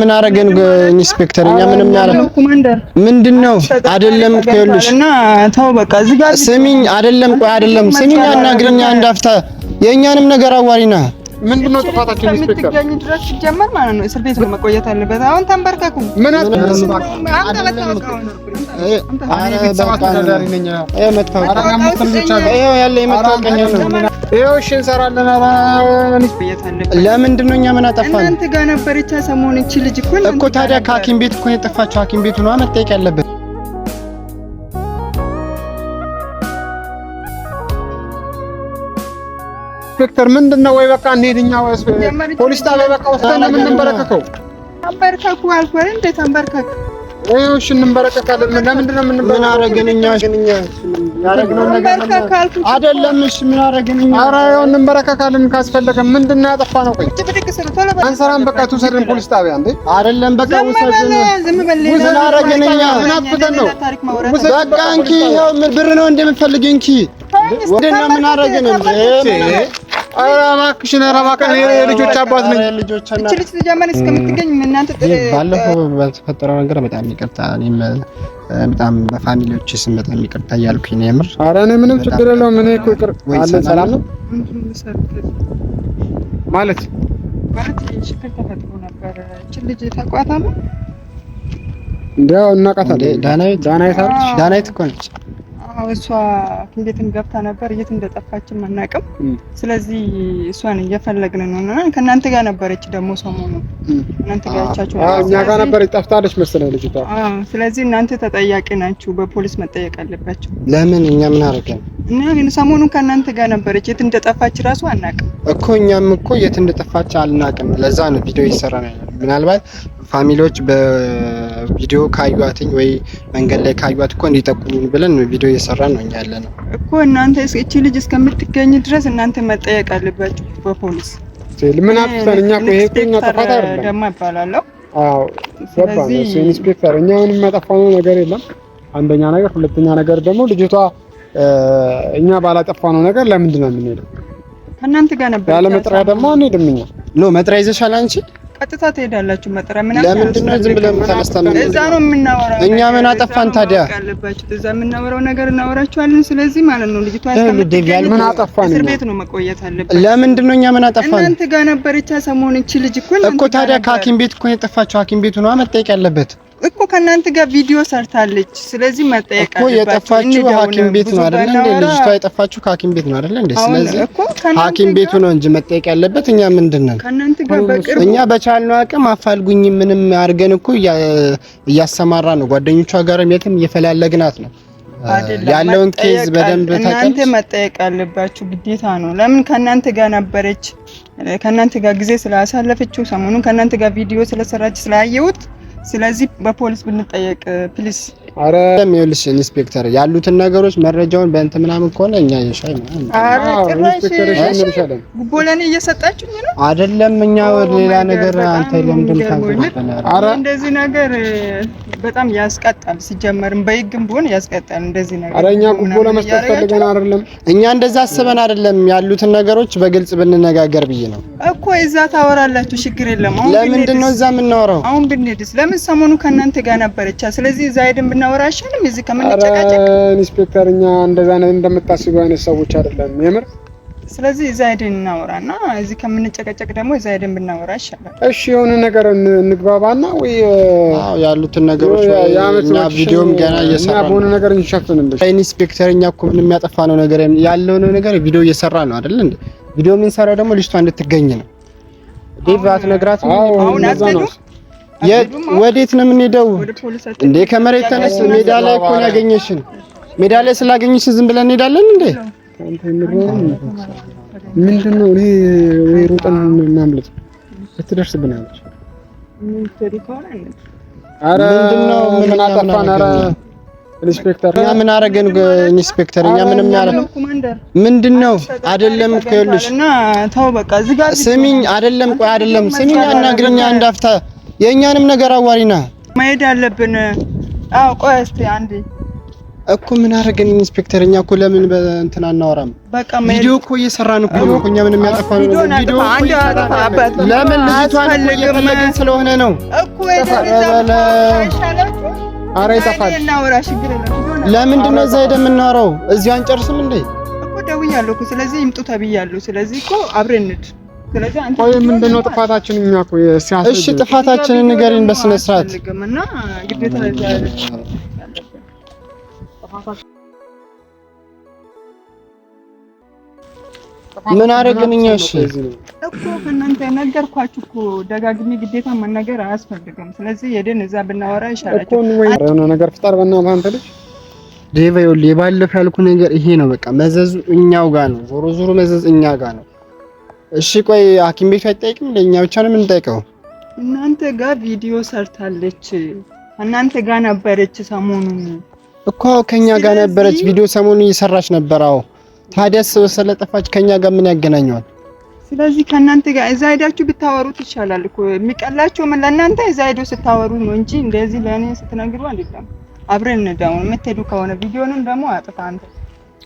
ምን አረገን ኢንስፔክተር? እኛ ምንም ያረገን ምንድነው? አይደለም ከሉሽ እና ተው በቃ እዚህ ጋር ስሚኝ፣ አይደለም ቆይ፣ አይደለም ስሚኝ፣ አናግሪኝ አንድ አፍታ የእኛንም ነገር አዋሪና ምንድን ነው ጥፋታችን? እስከምትገኝ ድረስ ሲጀመር ማለት ነው እስር ቤት ነው መቆየት አለበት። አሁን ተንበርከኩ። ምን ለምንድን ነው እኛ ምን አጠፋን? እናንተ ጋር ነበረች ሰሞኑን። እቺ ልጅ እኮ ታዲያ ከሐኪም ቤት እኮ የጠፋችው ሐኪም ቤቱ ነው መጠየቅ ያለበት። ኢንስፔክተር ምንድን ነው? ወይ በቃ እንሂድ እኛ ፖሊስ ጣቢያ በቃ ወስደን ነው የምንበረከከው። ተንበርከኩ አልኳል። እንደ ወይ እሺ፣ እንበረከካለን። ለምንድን ነው የምንበረከከው? ምን አደረግን እኛ? አይደለም። እሺ፣ ምን አደረግን እኛ? ኧረ ያው እንበረከካለን ካስፈለገ። ምንድን ነው ያጠፋነው? ቆይ አንሰራም። በቃ ትውሰድን ፖሊስ ጣቢያ እንዴ? አይደለም። በቃ ውሰድን። ምን አደረግን እኛ? ምን አጥፍተን ነው? በቃ እንኪ፣ ያው ብር ነው እንደምትፈልጊ እንኪ። ምንድን ነው ምን አደረግን እንዴ? ኧረ እባክሽን፣ ኧረ እባክሽን የልጆች አባት ነኝ። እቺ ልጅ ተጀመረ እስከምትገኝ እናንተ ባለፈው በተፈጠረው ነገር በጣም ይቅርታ፣ እኔም በጣም በፋሚሊዎች ስም በጣም ይቅርታ እያልኩኝ ነው የምር። ኧረ እኔ ምንም ችግር የለውም። እኔ እኮ ይቅር አለ ሰላም ነው ማለት ማለት ችግር ተፈጥሮ ነበር። እቺ ልጅ ታውቋታለህ? እንዲያው እናውቃታለን። ዳናዊት ዳናዊት እኮ ነች እሷ ቤትም ገብታ ነበር፣ የት እንደጠፋችም አናውቅም። ስለዚህ እሷን እየፈለግን ነው እና ከእናንተ ጋር ነበረች ደግሞ ሰሞኑ እናንተ ጋር ያቻችሁ እኛ ጋር ነበረች። ጠፍታለች መሰለኝ ልጅቷ። ስለዚህ እናንተ ተጠያቂ ናችሁ፣ በፖሊስ መጠየቅ አለባችሁ። ለምን እኛ ምን አደረግን? እና ግን ሰሞኑን ከእናንተ ጋር ነበረች፣ የት እንደጠፋች ራሱ አናውቅም እኮ እኛም እኮ የት እንደጠፋች አልናውቅም። ለዛ ነው ቪዲዮ ይሰራ ነው ምናልባት ፋሚሊዎች በ ቪዲዮ ካዩዋትኝ ወይ መንገድ ላይ ካዩዋት እኮ እንዲጠቁሙኝ ብለን ቪዲዮ እየሰራ ነው እኛ ያለ ነው እኮ። እናንተ እቺ ልጅ እስከምትገኝ ድረስ እናንተ መጠየቅ አለባችሁ በፖሊስ ምን አፍሰን እኛ እኮ ይሄ እኛ ጥፋት አይደለም ደግሞ ይባላለሁ። አዎ ስለዚህ ኢንስፔክተር እኛ ምንም ያጠፋነው ነገር የለም። አንደኛ ነገር፣ ሁለተኛ ነገር ደግሞ ልጅቷ እኛ ባላጠፋነው ነገር ለምንድን ነው የምንሄደው? ከእናንተ ጋር ነበር ያለ መጥሪያ ደግሞ አንሄድም እኛ ኖ መጥሪያ ይዘሻል አንቺ ቀጥታ ትሄዳላችሁ። መጠሪያ ምን አለ? ለምንድን ነው ዝም ብለን ታነስተን? እዛ ነው የምናወራው። እኛ ምን አጠፋን ታዲያ? ያለባችሁ እዛ የምናወራው ነገር እናወራችኋለን። ስለዚህ ማለት ነው ልጅቷ ምን አጠፋን? እስር ቤት ነው መቆየት አለበት። ለምንድን ነው እኛ ምን አጠፋን? እናንተ ጋር ነበረች ሰሞኑን። እቺ ልጅ እኮ እኮ ታዲያ ከሐኪም ቤት እኮ የጠፋችሁ ሐኪም ቤት ነው መጠየቅ ያለበት እኮ ከእናንተ ጋር ቪዲዮ ሰርታለች። ስለዚህ መጠየቅ እኮ የጠፋችሁ ሐኪም ቤት ነው አይደል እንዴ? ልጅቷ የጠፋችሁ ከሐኪም ቤት ነው አይደል እንዴ? ስለዚህ ሐኪም ቤቱ ነው እንጂ መጠየቅ ያለበት እኛ ምንድን ነን? እኛ በቻልነው አቅም አፋልጉኝ ምንም አድርገን እኮ እያሰማራ ነው ጓደኞቿ ጋርም የትም እየፈላለግናት ነው ያለውን ኬዝ በደንብ እናንተ መጠየቅ ያለባችሁ ግዴታ ነው። ለምን ከእናንተ ጋር ነበረች፣ ከእናንተ ጋር ጊዜ ስላሳለፈችው ሰሞኑን ከእናንተ ጋር ቪዲዮ ስለሰራች ስላየሁት ስለዚህ በፖሊስ ብንጠየቅ ፕሊስ አረ ይኸውልሽ ኢንስፔክተር ያሉትን ነገሮች መረጃውን በእንት ምናምን ከሆነ እኛ ይሻይ ምናምን። አረ ጭራሽ ጉቦ ለእኔ እየሰጣችሁኝ ነው አይደለም? እኛ ወደ ሌላ ነገር አንተ ለምንድን ታገባለህ? እንደዚህ ነገር በጣም ያስቀጣል። ሲጀመርም በይግም ቢሆን ያስቀጣል እንደዚህ ነገር። አረ እኛ ጉቦ ለመስጠት ፈልገን አይደለም። እኛ እንደዛ አስበን አይደለም። ያሉትን ነገሮች በግልጽ ብንነጋገር ብዬ ነው እኮ። እዛ ታወራላችሁ፣ ችግር የለም። አሁን ለምንድን ነው እዛ የምናወራው? አሁን ብንሄድስ? ለምን ሰሞኑ ከእናንተ ጋር ነበረቻ። ስለዚህ እዛ ሄድን ብና አይሻልም? እዚህ ከምንጨቃጨቅ ኢንስፔክተር፣ እኛ እንደዛ አይነት ሰዎች አይደለም የምር። ስለዚህ እዛ ሄደን እዚህ ከምንጨቀጨቅ ደግሞ እዛ ሄደን ብናወራ ይሻላል። እሺ የሆነ ነገር ወይ ያሉትን ነገሮች ቪዲዮም ገና እየሰራ ነው በሆነ ነገር እንሸፍንልሽ። ኢንስፔክተር፣ እኛ እኮ የሚያጠፋ ነው ነገር ያለው ነገር ቪዲዮ እየሰራ ነው አይደል እንዴ? ቪዲዮ የምንሰራው ደግሞ ልጅቷ እንድትገኝ ነው። ዴቭ አትነግራትም አሁን ወዴት ነው የምንሄደው እንዴ? ከመሬት ተነስ። ሜዳ ላይ እኮ ነው ያገኘሽን። ሜዳ ላይ ስላገኘሽ ዝም ብለን እንሄዳለን እንዴ? ምንድን ነው እኔ ወይ ሩጠን እናምልጥ፣ ትደርስብናለች። ኧረ ምን አጠፋን? ኧረ ኢንስፔክተር እኛ ምን አደረገን? ኢንስፔክተር እኛ ምንም ያደረገን ምንድን ነው? አይደለም ስሚኝ፣ አይደለም ቆይ፣ አይደለም ስሚኝ፣ አንድ አፍታ የእኛንም ነገር አዋሪና መሄድ አለብን። አዎ ቆይ እስኪ አንዴ እኮ ምን አደረገን? ኢንስፔክተር እኛ እኮ ለምን በእንትን አናወራም? በቃ ቪዲዮ እኮ እየሰራን እኮ ነው። እኛ ምንም ያጠፋ ነው ቪዲዮ አንድ አጠፋበት። ለምን ልጅቷን እየፈለግን ስለሆነ ነው እኮ የደረሰ አረ ይጠፋል። ለምንድን ነው እዛ ሄደን የምናወራው? እዚሁ አንጨርስም እንዴ? እኮ ደውያለሁ እኮ ስለዚህ ይምጡ ተብያለሁ። ስለዚህ እኮ አብረን እንሂድ ቆይ ምንድን ነው ጥፋታችን? እኛ እኮ እሺ፣ ጥፋታችን ንገሪን በስነ ስርዓት። ምን አደረግን እኛ? እሺ እኮ ከእናንተ ነገርኳችሁ እኮ ደጋግሜ፣ ግዴታ መናገር አያስፈልግም። ስለዚህ የደን እዛ ብናወራ ይሻላል እኮ የሆነ ነገር ፍጠር በእናትህ አንተ ልጅ ዴቫ። ይኸውልህ የባለፈው ያልኩህ ነገር ይሄ ነው። በቃ መዘዙ እኛው ጋር ነው። ዞሮ ዞሮ መዘዝ እኛ ጋር ነው። እሺ ቆይ ሐኪም ቤት አይጠይቅም? ለእኛ ብቻ ነው የምንጠይቀው። እናንተ ጋር ቪዲዮ ሰርታለች፣ እናንተ ጋር ነበረች። ሰሞኑን እኮ ከኛ ጋር ነበረች፣ ቪዲዮ ሰሞኑን እየሰራች ነበር። አዎ፣ ታዲያስ ስለጠፋች ከኛ ጋር ምን ያገናኘዋል? ስለዚህ ከእናንተ ጋር እዛ ሄዳችሁ ብታወሩት ይሻላል እኮ። የሚቀላቸው ምን ለእናንተ እዛ ሄዶ ስታወሩ ነው እንጂ እንደዚህ ለእኔ ስትነግሩ አይደለም። አብረን እንደውም የምትሄዱ ከሆነ ቪዲዮንም ደግሞ አጥፋ አንተ።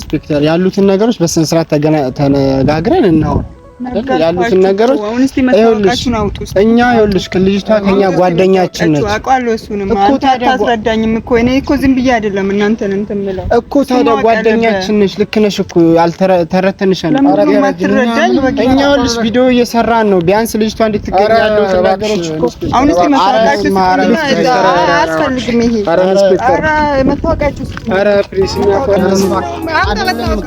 ኢንስፔክተር ያሉትን ነገሮች በስነ ስርዓት ተነጋግረን እናወራ ያሉትን ነገሮች ይኸውልሽ፣ እኛ ይኸውልሽ ልጅቷ ከኛ ጓደኛችን ነች እኮ ታዲያ አስረዳኝም እኮ እኔ እኮ ዝም ብዬ አይደለም እናንተን እንትን ብለው እኮ ታዲያ ጓደኛችን ነች። ልክ ነሽ እኮ አልተረተንሻል። እኛ ይኸውልሽ ቪዲዮ እየሰራን ነው። ቢያንስ ልጅቷ እንድትገኝ ያለው ነገሮች እኮ አሁን እስቲ መታወቃችሁ አያስፈልግም። ይሄ ኧረ መታወቃችሁ ኧረ ፕሪስ የሚያቆራረጥ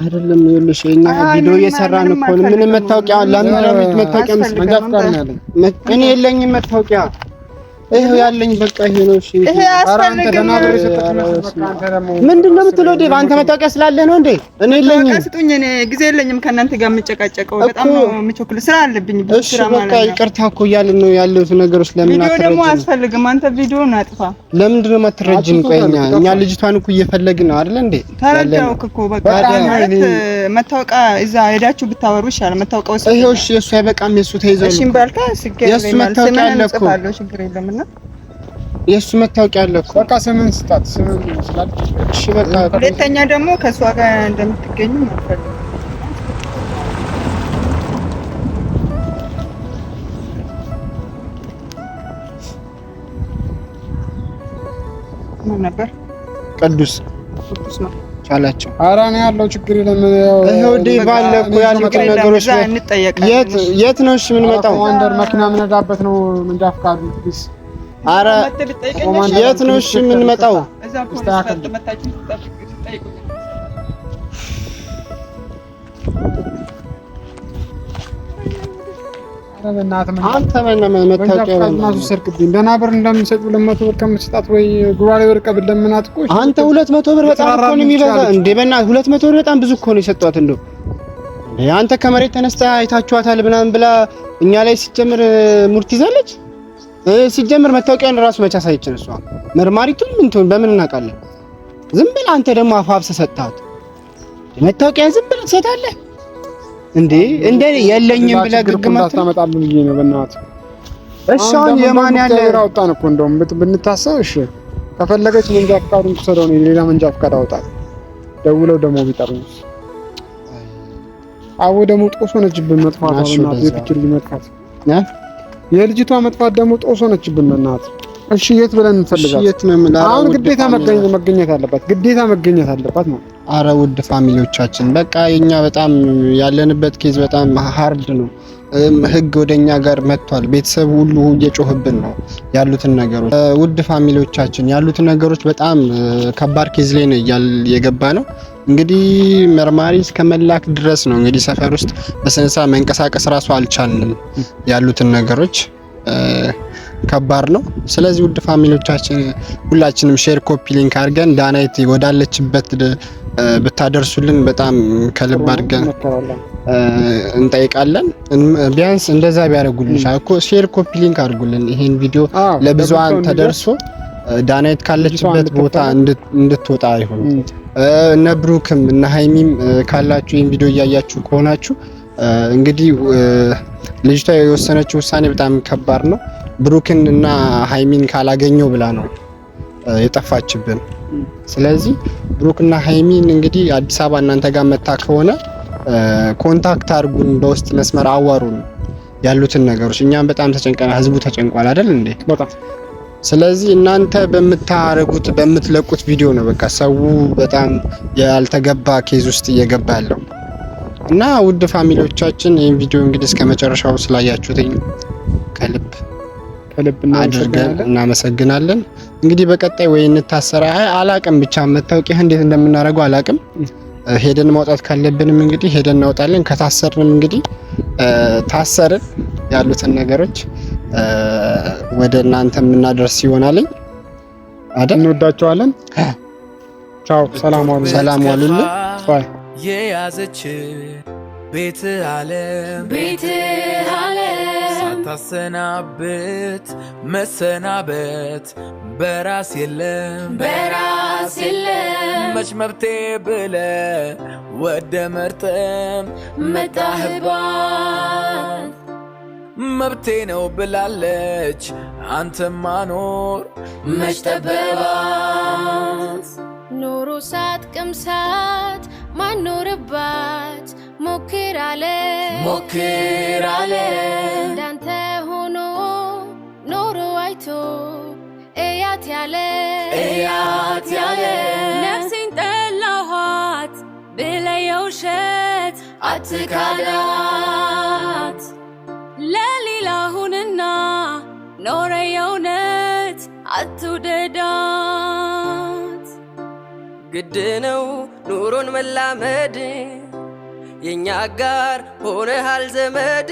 አይደለም ይኸውልሽ፣ እኛ ቪዲዮ እየሰራን እኮ ነው። ምንም መታወቂያ ለምን ነው መታወቂያ መስጠት ያለኝ። እኔ የለኝም መታወቂያ ይሄው ያለኝ በቃ ይሄ ነው። እሺ ይሄ አስፈልግም። ምንድን ነው የምትለው? ዴቭ አንተ መታወቂያ ስላለህ ነው እንዴ? እኔ የለኝም። በቃ ስጡኝ። እኔ ጊዜ የለኝም ከእናንተ ጋር የምጨቃጨቀው በጣም ነው የምቸኩል። ስራ አለብኝ። እሺ በቃ ይቅርታ እኮ እያልን ነው ያለሁት ነገሮች። ለምን አትረጅም? ቪዲዮ ደግሞ አስፈልግም? አንተ ቪዲዮን አጥፋ። ለምንድን ነው የማትረጅም? ቆይ እኛ ልጅቷን እኮ እየፈለግን ነው አይደል እንዴ? ተረዳሁክ እኮ በቃ ማለት መታወቂያ እዛ ሄዳችሁ ብታወሩ ይሻላል። መታወቂያው እሺ፣ እሱ አይበቃም። የእሱ ተይዘው ነው እሺ። ባልታ ሲገኝ የእሱ መታወቂያ አለ እኮ ችግር የለምና የእሱ መታወቂያ አለ እኮ በቃ ስምን ስጣት። ስምን ይመስላል። እሺ በቃ ሁለተኛ ደግሞ ከእሷ ጋር እንደምትገኙ ነበር ቅዱስ ቅዱስ ነው ቻላቸው ኧረ እኔ ያለው ችግር የለም። ይኸው ዲ ባለ እኮ ያሉት ነገሮች የት የት ነው? እሺ ምን መጣው ወንደር መኪና ምን ዳበት ነው ምን ዳፍካሉ ፈቃዱ አረ የት ነው እሺ የምንመጣው? አንተ ደህና ብር እንደምሰጥ ሁለት መቶ ብር ከምትሰጣት ወይ ጉባኤ ብር ብለምናት እኮ አንተ ሁለት መቶ ብር በጣም እኮ ነው የሚበዛ። እንደ በእናትህ ሁለት መቶ ብር በጣም ብዙ እኮ ነው የሰጧት። እንደው አንተ ከመሬት ተነስተህ አይታችኋታል ምናምን ብላ እኛ ላይ ሲጀምር ሙርት ይዛለች። ሲጀምር መታወቂያን ራሱ መቻ ሳይችል እሷ መርማሪቱን ምን ትሆን በምን እናውቃለን? ዝም ብለህ አንተ ደግሞ አፋብሰ ሰጣት መታወቂያ ዝም ብለህ ትሰጣለህ እንዴ? እንደ የለኝም ብለህ ግግማት ታመጣለህ ብዬ ነው በእናት እሷን የማን ያለ አውጣን እኮ እንደውም ብንታሰብ፣ እሺ ከፈለገች መንጃ ፈቃዱን ትሰጠው ነው ሌላ መንጃ ፈቃድ አውጣት። ደውለው ደግሞ ቢጠሩ አቦ ደግሞ ጦስ ሆነችብን መጥፋት አሁን አትይክችል መጥፋት የልጅቷ መጥፋት ደግሞ ጦስ ሆነችብን። በእናትህ እሺ፣ የት ብለን እንፈልጋለን? አሁን ግዴታ መገኘት አለባት፣ ግዴታ መገኘት አለባት ማለት አረ ውድ ፋሚሊዎቻችን በቃ የኛ በጣም ያለንበት ኬዝ በጣም ሀርድ ነው። ህግ ወደ እኛ ጋር መጥቷል። ቤተሰብ ሁሉ እየጮህብን ነው ያሉትን ነገሮች። ውድ ፋሚሊዎቻችን ያሉትን ነገሮች በጣም ከባድ ኬዝ ላይ ነው የገባ ነው። እንግዲህ መርማሪ እስከ መላክ ድረስ ነው እንግዲህ ሰፈር ውስጥ በስነሳ መንቀሳቀስ ራሱ አልቻልንም ያሉትን ነገሮች ከባድ ነው። ስለዚህ ውድ ፋሚሊዎቻችን ሁላችንም ሼር፣ ኮፒ ሊንክ አድርገን ዳናይት ወዳለችበት ብታደርሱልን በጣም ከልብ አድርገን እንጠይቃለን። ቢያንስ እንደዛ ቢያደርጉልን እኮ ሼር፣ ኮፒ ሊንክ አድርጉልን። ይሄን ቪዲዮ ለብዙሃን ተደርሶ ዳናይት ካለችበት ቦታ እንድትወጣ ይሁን። እነ ብሩክም እነ ሀይሚም ካላችሁ ይህን ቪዲዮ እያያችሁ ከሆናችሁ እንግዲህ ልጅቷ የወሰነችው ውሳኔ በጣም ከባድ ነው። ብሩክን እና ሀይሚን ካላገኘው ብላ ነው የጠፋችብን። ስለዚህ ብሩክና ሀይሚን እንግዲህ አዲስ አበባ እናንተ ጋር መታ ከሆነ ኮንታክት አድርጉን፣ በውስጥ መስመር አዋሩን ያሉትን ነገሮች። እኛም በጣም ተጨንቀናል፣ ህዝቡ ተጨንቋል አይደል እንዴ? ስለዚህ እናንተ በምታረጉት በምትለቁት ቪዲዮ ነው በቃ ሰው በጣም ያልተገባ ኬዝ ውስጥ እየገባ ያለው እና ውድ ፋሚሊዎቻችን ይህን ቪዲዮ እንግዲህ እስከ መጨረሻው ስላያችሁትኝ ከልብ ከልብ አድርገን እናመሰግናለን። እንግዲህ በቀጣይ ወይ እንታሰራ አላቅም፣ ብቻ መታወቂያ እንዴት እንደምናደርገው አላቅም። ሄደን ማውጣት ካለብንም እንግዲህ ሄደን እናውጣለን። ከታሰርንም እንግዲህ ታሰርን ያሉትን ነገሮች ወደ እናንተ የምናደርስ ይሆናልኝ። አደም እንወዳቸዋለን። ቻው፣ ሰላም ዋሉ፣ ሰላም ዋሉልን። የያዘች ቤት አለ ቤት ታሰናብት መሰናበት በራስ የለም በራስ የለም መች መብቴ ብለ ወደ መርጠም መጣህባት መብቴ ነው ብላለች አንተ ማኖር መሽጠበባት ኖሮ ሳት ቅምሳት ማኖርባት ሞክር አለ ሞክር አለ እንዳንተ ሆኖ ኖሮ አይቶ እያት ያለ እያት ያለ ነፍሴን ጠላኋት ብለየው ውሸት አትካዳት ለሌላ ሁንና ኖረ የውነት አትውደዳት ግድ ነው ኑሮን መላመድ የእኛ ጋር ሆነሃል ዘመድ